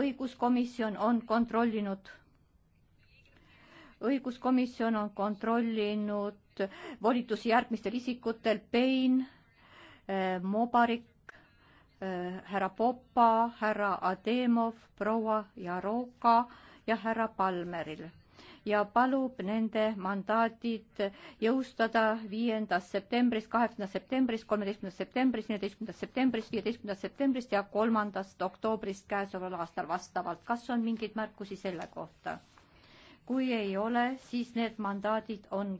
õiguskomisjon on kontrollinud, õiguskomisjon on kontrollinud volitusi järgmistel isikutel Pein, eh, Mobarik, eh, härra Popa, härra Ademov, proua Jaroka ja härra Palmeril ja palub nende mandaadid jõustada viiendast septembrist, kaheksandast septembrist, kolmeteistkümnendast septembrist, neljateistkümnendast septembrist, viieteistkümnendast septembrist ja kolmandast oktoobrist käesoleval aastal vastavalt. kas on mingeid märkusi selle kohta? kui ei ole, siis need mandaadid on